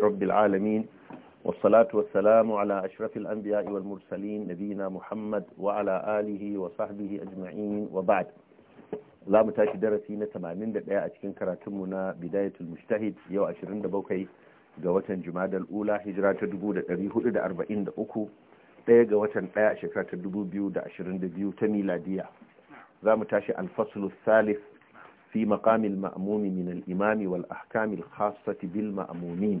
رب العالمين والصلاة والسلام على أشرف الأنبياء والمرسلين نبينا محمد وعلى آله وصحبه أجمعين وبعد لا متاشي درسينا تمامين دقاء أتكين كراتمنا بداية المجتهد يو أشرين دبوكي قوة جمادة الأولى هجرة تدبو دقريه دا أربعين دقو ɗaya ga watan ɗaya shekara ta dubu biyu da ashirin da biyu ta miladiya za mu tashi alfaslu salif fi maƙamil ma'amumi min al-imami wal ahkamil khassati bil ma'amumin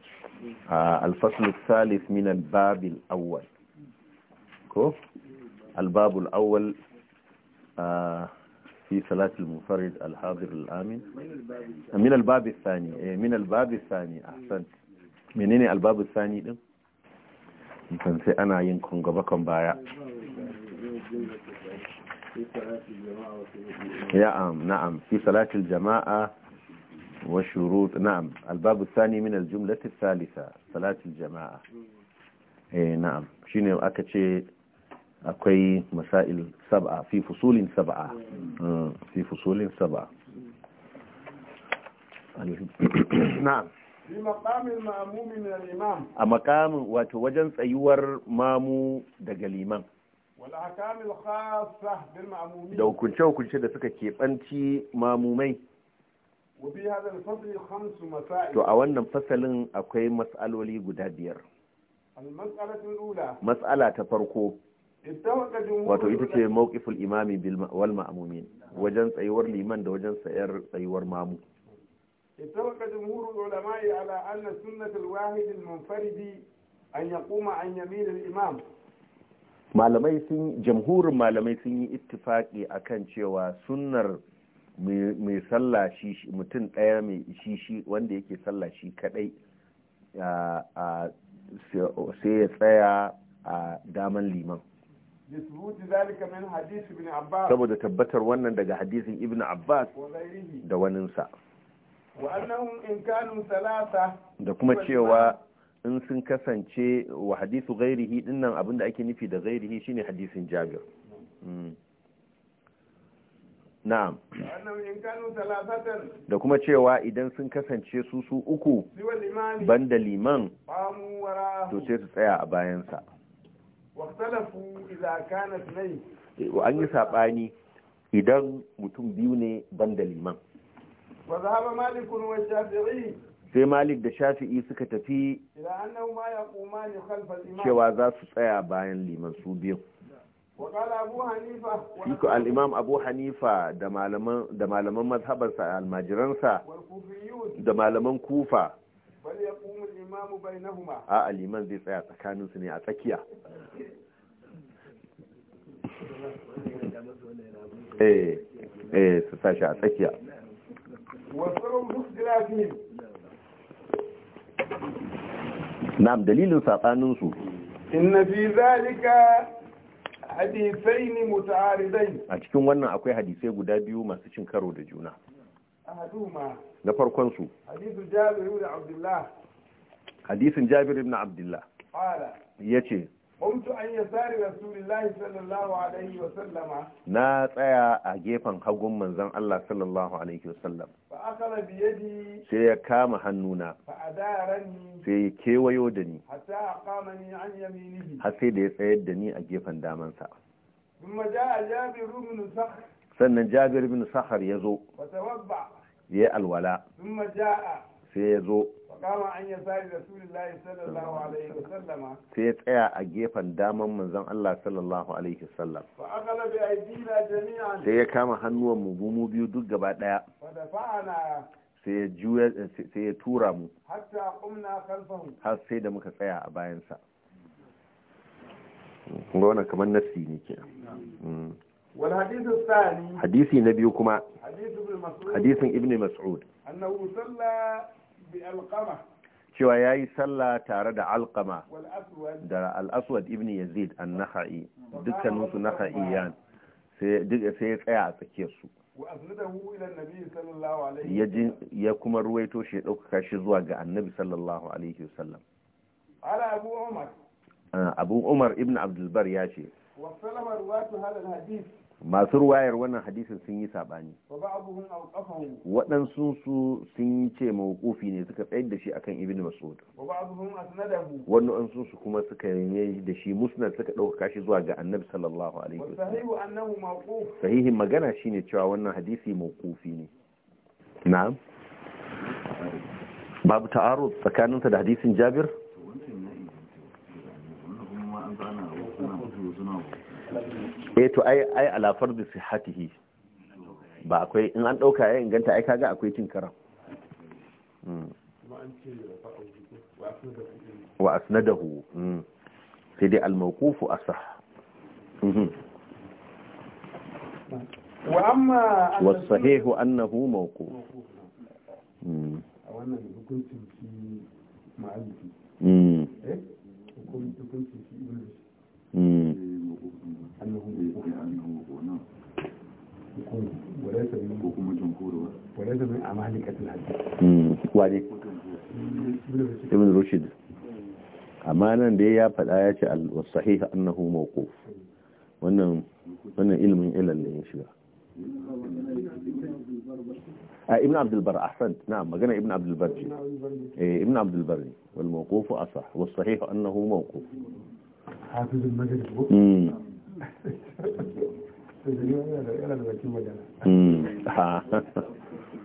آه، الفصل الثالث من الباب الأول كوف الباب الأول آه، في صلاة المنفرد الحاضر الآمن من الباب الثاني إيه، من الباب الثاني أحسنت منين الباب الثاني ده sai ana yin kungabakan يا أم نعم في صلاة الجماعة وشروط نعم الباب الثاني من الجملة الثالثة صلاة الجماعة نعم شيني أكتشي أكوي مسائل سبعة في فصول سبعة في فصول سبعة نعم في مقام المأموم من الإمام مقام وتوجن سيور مامو دقليمان والأحكام الخاصة بالمأمومين لو كنت شو كنت شدة أنت مامومين to a wannan fasalin akwai mas'aloli guda biyar Matsala ta farko wato ita ce mawqiful imami Bilwal wal wajen tsayuwar liman da wajen tsayar tsayuwar mamu اتفق جمهور العلماء على أن سنة الواحد المنفرد أن يقوم عن يمين الإمام malamai sun jamhurin malamai sun yi ittifaki akan cewa sunnar mai sallah shi mutum ɗaya mai shi shi wanda yake sallah shi kaɗai sai ya tsaya a daman liman saboda tabbatar wannan daga hadisin ibn abbas da waninsa da kuma cewa in sun kasance wa hadisu gairihi dinnan abinda ake nufi da gairihi shine hadisin jabir hmm. na'am da kuma cewa idan sun kasance su su uku banda liman to sai su tsaya a bayansa eh, an yi saɓani idan mutum biyu ne banda liman sai malik da shafi'i suka tafi cewa za su tsaya bayan liman su biyu shi ko al'imam abu hanifa da malaman mazhabarsa almajiransa da malaman kufa a aliman zai tsaya tsakaninsu ne a tsakiya eh eh su sashi a tsakiya na'am dalilin saɓaninsu in na fi zalika Hadisai ne muta'aridain a cikin wannan akwai hadisai guda biyu masu cin karo da juna na farkon su hadisin jabir ibn abdullah hadisin jabir ibn abdullah yace Kuntu an ya sari Rasulullahi sallallahu alaihi wa sallama. Na tsaya a gefen hagun manzan Allah sallallahu alaihi wa sallam. a akala bi yadi. Sai ya kama hannuna. Ba a Fa ni. Sai ya kewayo da ni. a kama ni an yaminihi. Har sai da ya tsayar da ni a gefen damansa. Thumma a Jabir ibn Sakhar. Sannan Jabir ibn Sakhar ya zo. Fa tawabba. Ya alwala. Thumma a. sai ya zo sai ya tsaya a gefen daman manzan Allah sallallahu alaihi wasallam sai ya kama hannuwan mu gumu biyu duk gaba daya sai ya tura mu har sai da muka tsaya a bayansa gona kamar nasi ne ke hmm. hadisi na biyu kuma hadisin ibn mas'ud cewa ya yi sallah tare da alkama da al'aswad ibn yazid an naha'i dukkaninsu yan sai ya tsaya a tsakiyarsu ya kuma ruwaito shi ya ɗaukaka shi zuwa ga annabi sallallahu alaihi wasallam ah, abu umar ibn abdulbar ya ce masu ruwayar wannan hadisin sun yi sabani waɗansu su sun yi ce mawukufi ne suka tsayar da shi akan ibn mas'ud waɗansu su kuma suka yi da shi musnad suka ɗauka shi zuwa ga annabi sallallahu alaihi wasallam sahihin magana shine cewa wannan hadisi mawukufi ne Na? babu ta'arud tsakaninsa da hadisin jabir eh to ai ai ala fardu sihhatihi ba akwai in an dauka ya inganta ai kaga akwai cin karam hmm. wa asnadahu hmm. sai dai al-mawqufu asah hmm. wa amma wa sahihu annahu mawquf wannan hukuncin ma'alifi eh? hukuncin daga min hmm, ibn rushd amma nan da ya faɗa ya ce al-sahih annahu mawquf wannan wannan ilmin ilal ne ya shiga a ibn abdul bar ahsan na'am magana ibn abdul bar ce eh ibn abdul bar ne wal mawquf asah was sahih annahu mawquf hafiz al-madani mm ha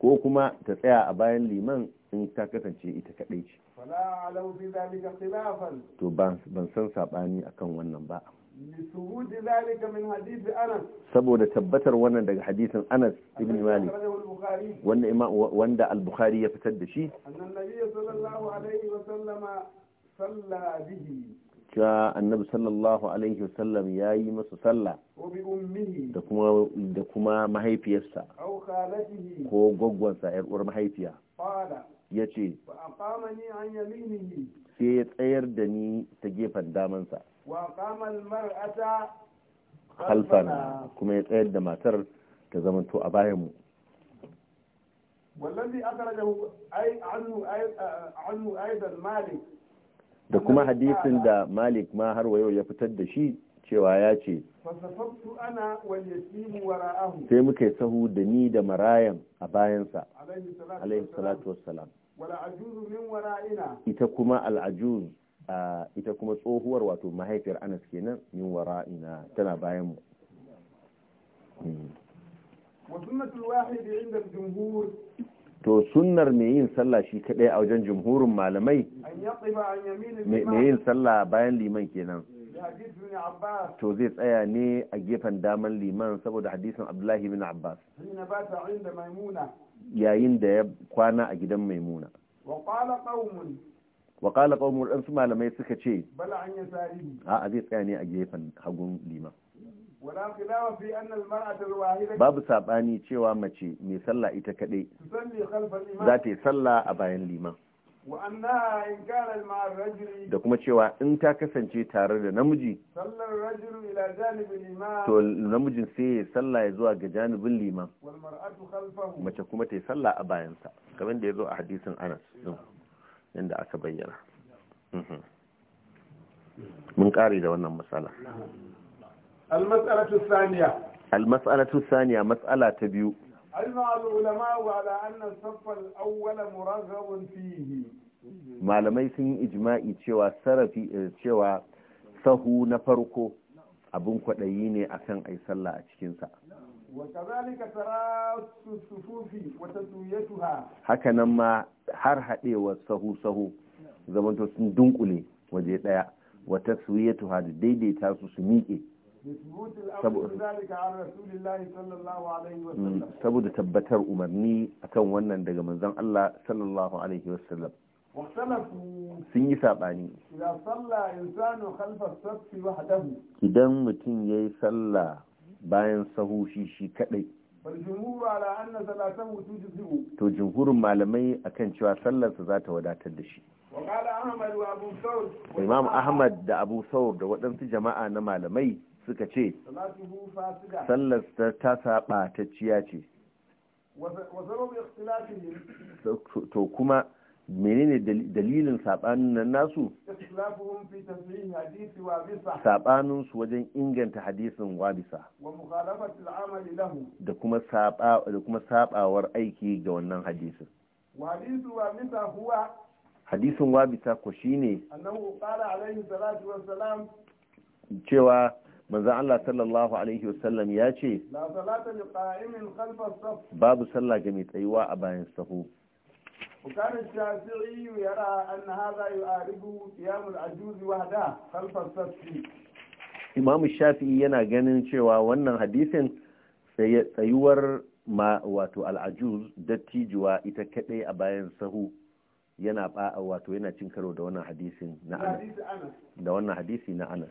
ko kuma ta tsaya a bayan liman in ta kasance ita kaɗai ce to ban san saɓani akan wannan ba zalika min Anas? saboda tabbatar wannan daga hadisin anas ibn malik wanda imam wanda al-bukhari ya fitar da shi annabi sallallahu alaihi wa sallama salla bihi cewa annabi sallallahu alaihi wasallam ya yi masa sallah da kuma da kuma mahaifiyarsa ko gwaggwansa yar uwar mahaifiya ya ce sai ya tsayar da ni ta gefen damansa halfana kuma ya tsayar da matar ta zamanto a bayanmu والذي أخرجه أي عنه أيضا مالك da kuma hadisin da malik ma har wayo ya fitar da shi cewa ya ce sai muka yi sahu da ni da marayan a bayansa alaihi salatu wassalam ita kuma al'ajuz ita kuma tsohuwar wato mahaifiyar anas kenan min wara'ina tana bayan mu وسنة الواحد عند jumhur to sunnar mai yin sallah shi kadai a wajen jumhurin malamai mai yin sallah bayan liman kenan to zai tsaya ne a gefen daman liman saboda hadisin abdullahi bin abbas yayin da ya kwana a gidan maimuna waƙala ƙaunar ɗansu malamai suka ce a zai tsaya ne a gefen hagun liman babu saɓani cewa mace mai sallah ita kaɗai za ta yi sallah a bayan liman da kuma cewa in ta kasance tare da namiji to namijin sai ya sallah ya zuwa ga janibin liman mace kuma ta yi sallah a bayansa kamar da ya zo a hadisin anas yadda aka bayyana mun kare da wannan matsala المسألة الثانية المسألة الثانية مسألة تبيو أجمع العلماء على أن الصف الأول مرغب فيه malamai sun yi ijma'i cewa sarafi cewa sahu na farko abin kwaɗayi ne akan ai sallah a cikinsa haka nan ma har haɗewar sahu-sahu zamanto sun dunkule waje ɗaya wata suyatuha da daidaita su su miƙe saboda tabbatar umarni akan wannan daga manzon Allah sallallahu alaihi wasallam sun yi saɓani idan mutum ya yi sallah bayan sahu shi shi kaɗai to jimhurin malamai akan cewa sallarsa za ta wadatar da shi imam ahmad da abu saur da waɗansu jama'a na malamai suka ce sallar ta saba ta ciya ce to kuma menene dalilin sabanin nan nasu sabanin su wajen inganta hadisin wabisa da kuma saba da kuma sabawar aiki ga wannan hadisin hadisin wabisa ko shine annabi sallallahu alaihi salatu cewa manzan Allah sallallahu Alaihi wasallam ya ce babu sallah ga mai tsayuwa a bayan sahu وكان الشافعي يرى أن هذا يعارض قيام العجوز وحده خلف الصف Imam Shafi'i yana ganin cewa wannan hadisin sai tsayuwar ma wato al'ajuz dattijuwa ita kadai a bayan sahu yana ba wato yana cin karo da wannan hadisin na Anas da wannan hadisi na Anas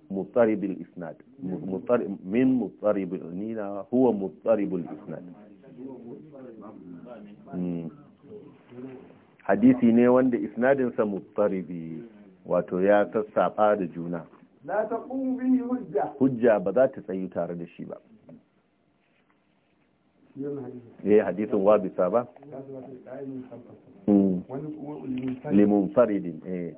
مضطرب الاسناد مضطرب من مضطرب النينا هو مضطرب الاسناد hadisi ne wanda isnadinsa muttaribi wato ya sassafa da juna hujja ba za ta tsayi tare da shi ba eh hadisin wabisa ba limun faridin eh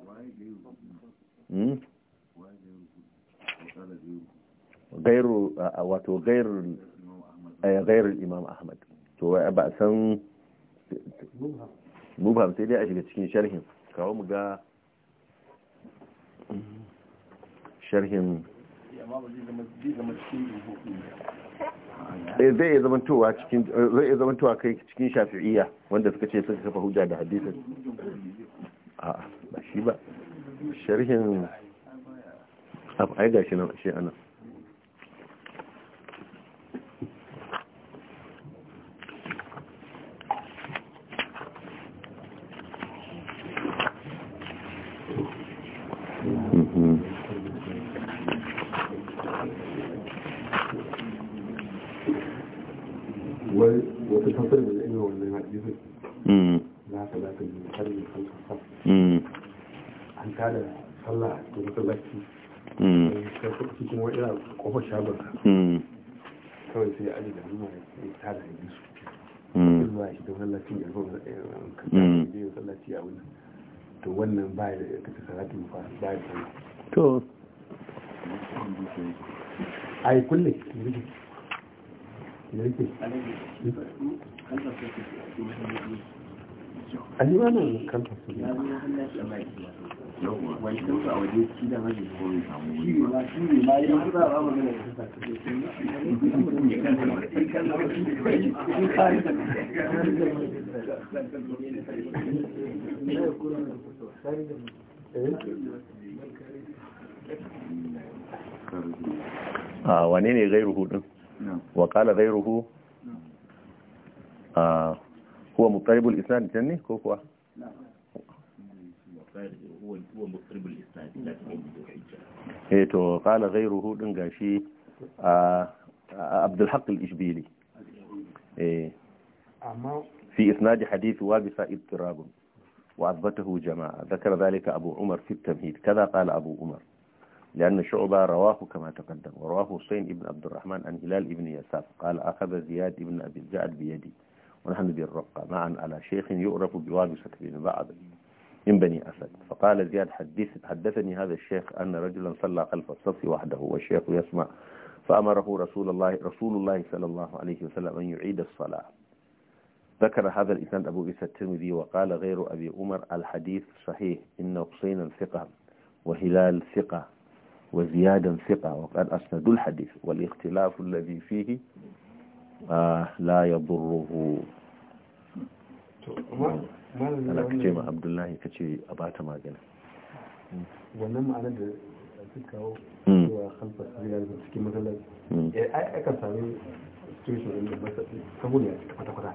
gairu wato gairu imam ahmad to ba san mubham sai dai a shiga cikin sharhin kawo mu ga sharhin zai iya zamantowa cikin zai iya zamantowa kai cikin shafi'iyya wanda suka ce suka kafa hujja da hadisin a ba shi ba sharhin ai gashi nan shi anan kofar shagon ka hmm. kawai sai ali da nuna ya tara da su hmm. zuwa shi don lalaci ya zo da lalaci a wannan to wannan ba ya kace salatu fa ba ya sallah to ai kulle yake alima nan kan fasu a ah, wane ne ruhu ɗin wa zai ruhu a ah, huwa mutaribul islam ne ko kuwa هو هو مضطرب الإسناد لكن حجة إيه، قال غيره دن غاشي آه، آه، عبد الحق الإشبيلي إيه في إسناد حديث وابس اضطراب وأثبته جماعة ذكر ذلك أبو عمر في التمهيد كذا قال أبو عمر لأن شعبة رواه كما تقدم ورواه حسين بن عبد الرحمن عن هلال بن يساف قال أخذ زياد بن أبي الجعد بيدي ونحن بالرقة معا على شيخ يعرف بوابسة بن بعض من بني أسد فقال زياد حدث حدثني هذا الشيخ أن رجلا صلى خلف الصف وحده والشيخ يسمع فأمره رسول الله رسول الله صلى الله عليه وسلم أن يعيد الصلاة ذكر هذا الإسناد أبو عيسى الترمذي وقال غير أبي عمر الحديث صحيح إن حسين ثقة وهلال ثقة وزيادا ثقة وقد أسندوا الحديث والاختلاف الذي فيه آه لا يضره ana ka ce ma abdullahi ka ce a bata magana wannan ma'ana da suka kawo hmm. cewa halfa su da cikin matsalar hmm. eh, ai aka sami situation ɗin da basa saboda ya cika kwata-kwata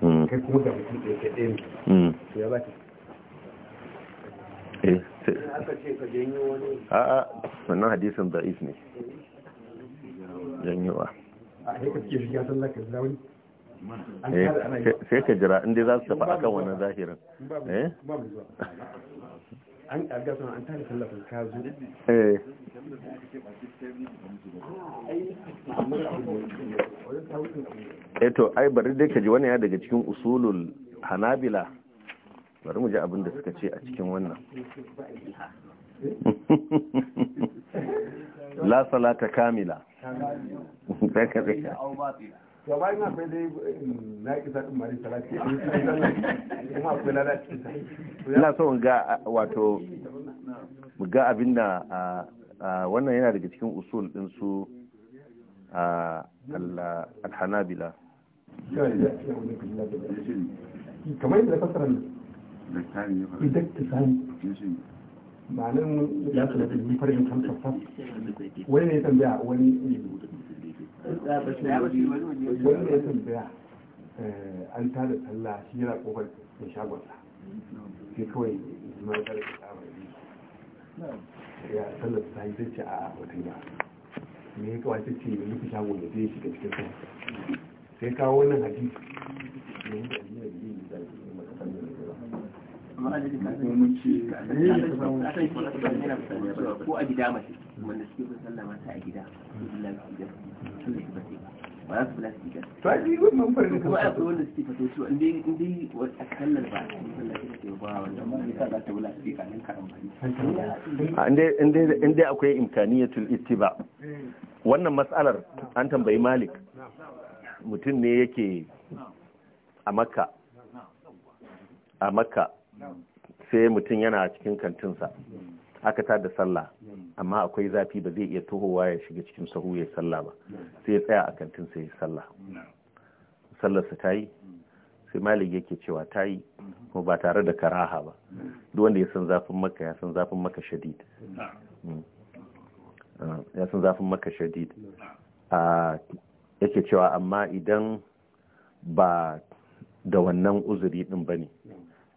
hmm. kai kuma ga mutum ɗaya ke ɗaya ne ya ba ki eh, a'a wannan hadisin da'if ne janyowa a haikar ke shiga sallar ka zaune Eh, sai ka jira inda za su tafi akan wannan zahirin eh? an ƙarga suna an tare tallafin kazu eh. eh to ai bari dai ka ji wani ya daga cikin usulul hanabila bari mu ji abin da suka ce a cikin wannan la salata kamila to bayan na fai dai eh, na yi kisa ɗin mari salati kuma akwai lalaci ina so ga wato ga abin da wannan yana daga cikin usul ɗin su alhanabila kamar yadda fasara ne idan ta sani ma'anin ya su da farin kan sassa wani ne tambaya wani wani ya tambaya an tada sallah shi yana kofar da shagonsa sai kawai zama ya karfi ya sallar ta yi zai a wata ba me ya kawai ce ya nufi shagon da zai shiga cikin sa sai kawo wannan hadisi da yi da yi da yi da yi ko a gida mace wanda suke a gida wannan matsalar an tambayi malik mutum ne yake a makka a makka sai mutum yana cikin kantinsa aka tada da sallah hmm. amma akwai zafi ba zai iya tohowa ya shiga cikin sahu ya sallah ba hmm. sai ya tsaya a kantin sai ya sallah hmm. sallarsa ta yi sai malik yake cewa ta yi kuma ba tare da karaha ba duk wanda ya san zafin maka ya san zafin maka shadid ya san zafin maka shadid ah, yake cewa amma idan ba da wannan uzuri din ba ne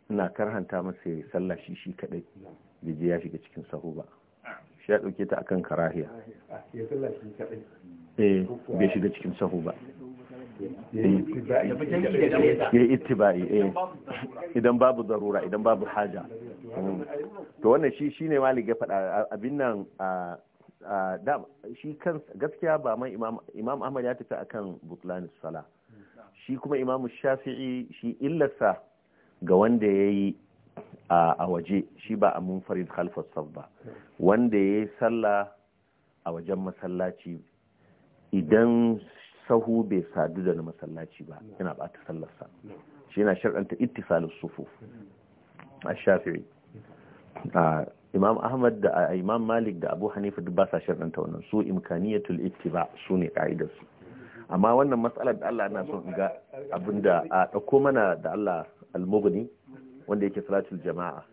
ina karhanta masa ya sallah shi shi kadai bai ya shiga cikin sahu ba ah. shi ya ɗauke ta a kan karahiya eh bai shiga cikin sahu ba eh. ya yi ittiba'i eh idan babu zarura idan babu haja hmm. to wannan shi shine malik ya faɗa abin nan a shi kan gaskiya ba mai imam ahmad ya tafi akan butlan sala hmm. shi kuma imam shafi'i shi illarsa ga wanda ya yi a waje shi ba a munfarid khalfas saf ba wanda ya yi sallah a wajen masallaci idan sahu bai sadu da na masallaci ba yana bata sallarsa shi yana sharɗanta ittisalus sufu a shafi'i imam ahmad da imam malik da abu hanifa duk ba sa sharɗanta wannan su imkaniyatul ittiba su ne ka'idarsu amma wannan matsalar da Allah na son ga abinda a ɗauko mana da Allah almugni wanda yake salatul jama'a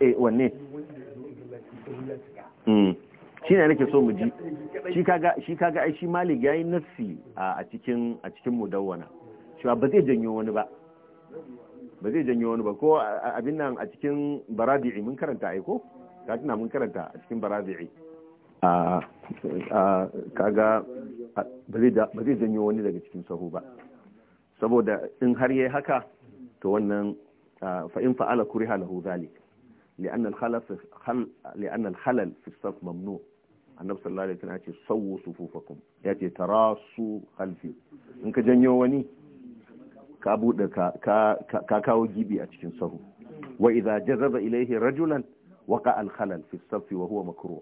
eh wanne hmm. shi ne nake so mu ji shi kaga shi kaga ai shi malik yayi nafsi a cikin a cikin mudawwana cewa ba zai janyo wani ba ba zai janyo wani ba ko abin nan a cikin baradi'i mun karanta ai ko ka tuna mun karanta a cikin baradi'i a kaga ba zai janyo wani daga cikin sahu ba saboda in har yayi haka to wannan fa in fa'ala kuriha lahu zalik li'anna al-khalal li'anna al-khalal fi as-saf mamnu annabi sallallahu alaihi wasallam yace sawu sufufakum yace tarasu khalfi in ka janyo wani ka bude ka ka kawo gibi a cikin sahu wa idza jazaba ilayhi rajulan waqa al-khalal fi as-saf wa huwa makruh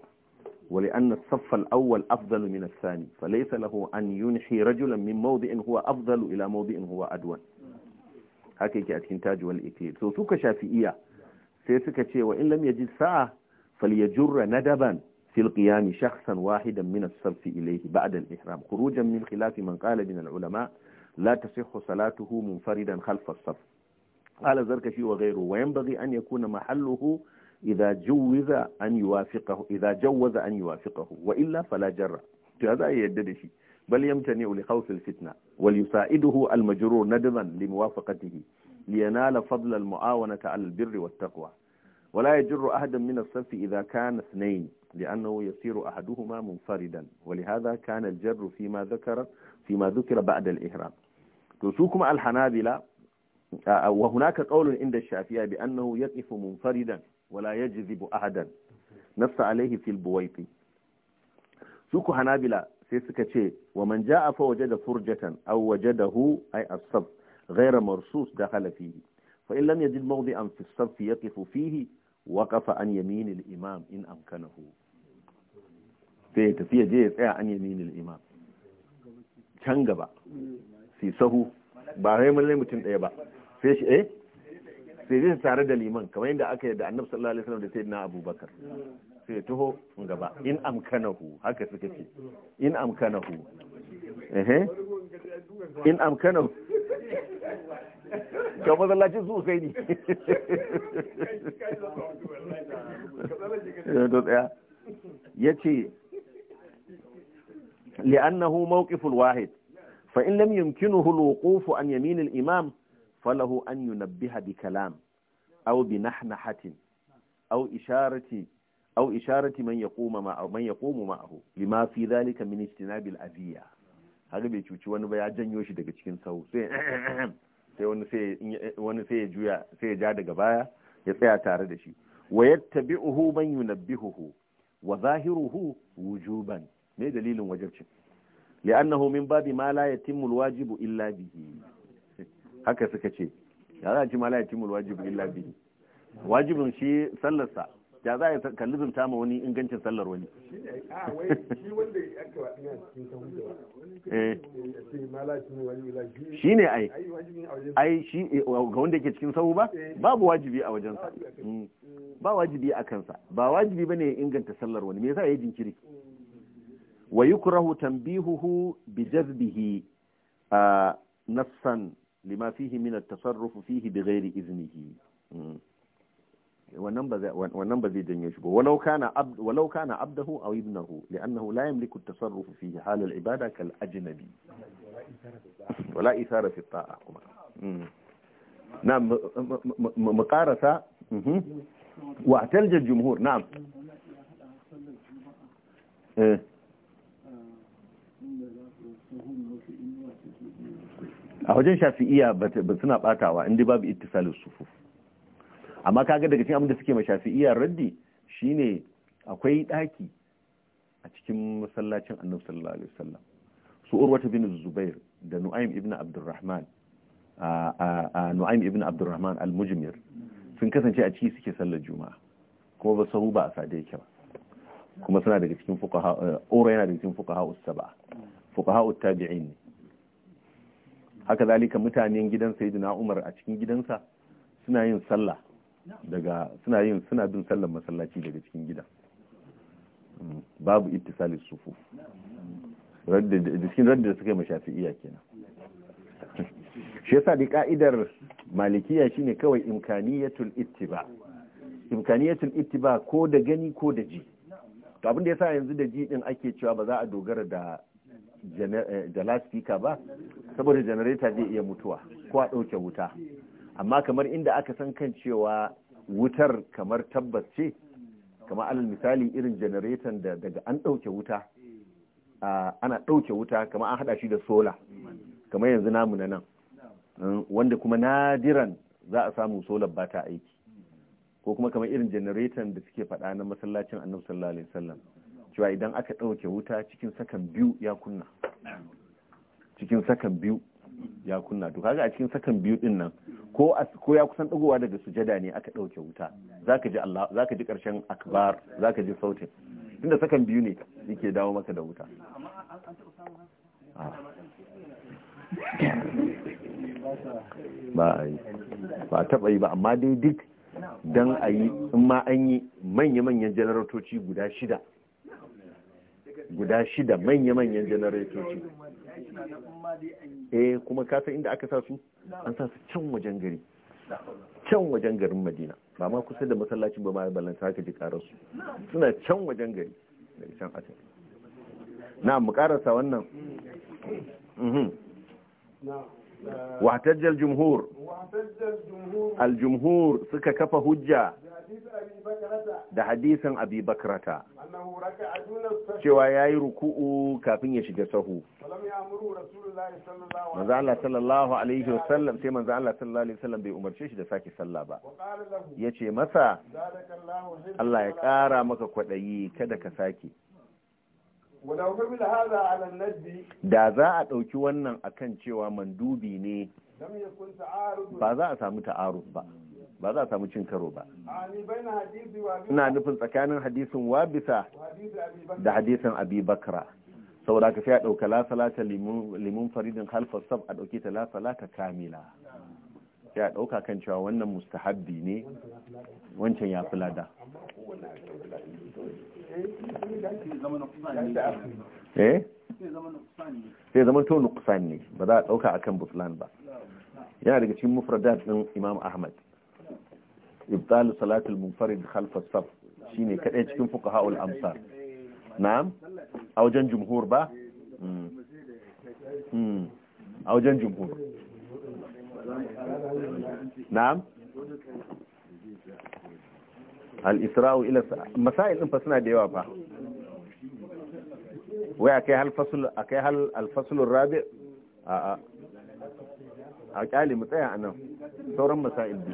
ولأن الصف الأول أفضل من الثاني فليس له أن ينحي رجلا من موضع هو أفضل إلى موضع هو أدون هكي جاءت انتاج والإكليل سوسوك شافئية سيسك شيء وإن لم يجد ساعة فليجر ندبا في القيام شخصا واحدا من الصف إليه بعد الإحرام خروجا من خلاف من قال من العلماء لا تصح صلاته منفردا خلف الصف قال زركشي وغيره وينبغي أن يكون محله إذا جوز أن يوافقه إذا جوز أن يوافقه وإلا فلا جر هذا يدد شيء بل يمتنع لخوف الفتنة وليساعده المجرور ندما لموافقته لينال فضل المعاونة على البر والتقوى ولا يجر أحدا من الصف إذا كان اثنين لأنه يصير أحدهما منفردا ولهذا كان الجر فيما ذكر فيما ذكر بعد الإهرام تسوكم الحنابلة آه، وهناك قول عند الشافية بأنه يقف منفردا wala yajzibu ahadan nassa alaihi fil buwaiti su ku hanabila sai suka ce wa man a fa da furjatan aw wajadahu ay as-sab ghayra marsus da fihi fa in lam yajid an fi as-sab yaqifu fihi waqafa an yamin al-imam in amkanahu sai ya tafi je ya tsaya an yamin al-imam can gaba si sahu ba sai mun mutum daya ba sai shi eh sai zai tare da liman kamar yadda aka yadda annabi sallallahu alaihi wasallam da sayyidina abubakar sai ya taho gaba in amkanahu haka suka ce in amkanahu eh in amkanahu ga masallacin su kai ni. ya ce li'annahu mawqiful wahid fa in lam yumkinuhu al-wuquf an yamin al-imam falahu an yunabbiha bi kalam aw bi nahnahatin aw isharati aw isharati man yaqumu ma man yaqumu ma'ahu lima fi dhalika min aziya har bai cuci wani ba ya janyo shi daga cikin sau sai sai wani sai wani sai ya juya sai ya ja daga baya ya tsaya tare da shi wa yattabi'uhu man yunabbihuhu wa zahiruhu wujuban me dalilin wajibcin li'annahu min babi ma la yatimmu alwajibu illa bihi haka suka ce ya za a ci ma la mul wajibu illa bihi wajibin shi sa ya za a kalli zunta ma wani ingancin sallar wani shi ne ai ai shi ga wanda yake cikin sahu ba babu wajibi a wajensa hmm. ba wajibi a kansa ba wajibi bane ya inganta sallar wani me yasa ya jinkiri wa yukrahu tanbihuhu bi jazbihi ah, nassan لما فيه من التصرف فيه بغير إذنه ونمبر بذي دن يشبه ولو كان, عبد ولو كان عبده أو ابنه لأنه لا يملك التصرف فيه حال العبادة كالأجنبي ولا إثارة في الطاعة نعم مقارسه واعتلج الجمهور نعم إيه. a wajen shafi'iya ba suna batawa inda babu ittisalin sufuf amma kaga daga cikin abinda suke ma shafi'iya raddi shine akwai daki a cikin masallacin annabi sallallahu alaihi wasallam su urwata bin zubair da nu'aym ibn abdurrahman a nu'aym ibn abdurrahman al-mujmir sun kasance a ciki suke sallar juma'a kuma ba sahu ba a sade yake ba kuma suna daga cikin fuqaha ura yana daga cikin fuqaha us-sab'a fuqaha ut-tabi'in haka zalika mutanen gidan sayyidina umar a cikin gidansa suna yin sallah daga suna yin suna bin sallar masallaci daga cikin gida mm, babu ittisali sufu cikin radda da suka yi iya kenan shi yasa da ka'idar malikiya shine kawai imkaniyatul ittiba imkaniyatul ittiba ko da gani ko da ji to abin da yasa yanzu da ji din ake cewa ba za a dogara da eh, da ba saboda janareta zai iya mutuwa ko a ɗauke wuta amma kamar inda aka san kan cewa wutar kamar tabbas ce kamar alal misali irin janaretan daga an ɗauke wuta ana ɗauke wuta kamar an haɗa shi da sola kamar yanzu namu na nan mm, wanda kuma nadiran za a samu solar ba ta aiki ko kuma kamar irin janaretan da suke faɗa na masallacin annabi sallallahu alaihi cewa idan aka ɗauke wuta cikin sakan biyu ya kunna cikin sakan biyu ya kunna to kaga a cikin sakan biyu din nan ko ko ya kusan dagowa daga sujada ne aka dauke wuta zaka ji Allah zaka ji karshen akbar zaka ji sautin tunda sakan biyu ne yake dawo maka da wuta ah. ba a ba taba yi ba amma dai duk dan a yi in ma an yi manya-manyan janaratoci guda shida guda shida manya-manyan janaratoci eh kuma ka inda aka sa su an sa su can wajen gari can wajen garin madina ba ma kusa da masallacin ba ma ya balanta haka ji karar su suna can wajen gari da can na mu karasa wannan mhm. wahtajjal jumhur al jumhur suka kafa hujja da hadisin abi bakrata cewa ya yi ruku'u kafin ya shiga sahu manzo Allah sallallahu alaihi wasallam sai manzo Allah sallallahu alaihi wasallam bai umarce shi da sake sallah ba yace masa Allah ya kara maka kwadayi kada ka sake da za a ɗauki wannan akan cewa mandubi ne ba za a samu ta'aruf ba ba za a samu cin karo ba ina nufin tsakanin hadisin wabisa da hadisin abi bakra saboda ka sai a ɗauka la salata limun faridin halfar sab a dauke ta la salata kamila sai a ɗauka kan cewa wannan mustahabbi ne wancan ya fi lada eh sai zama to ne ba za a ɗauka akan butlan ba yana daga cikin mufradat ɗin imam ahmad إبطال صلاة المنفرد خلف الصف شيني كده كم فقهاء الأمصار نعم أو جن جمهور با أو جن جمهور نعم الإسراء إلى مسائل أنفسنا ديوا با وأكي هل الفصل أكي هل الفصل الرابع آه، آه. أكي هل متأيه أنا يعني؟ سورا مسائل دي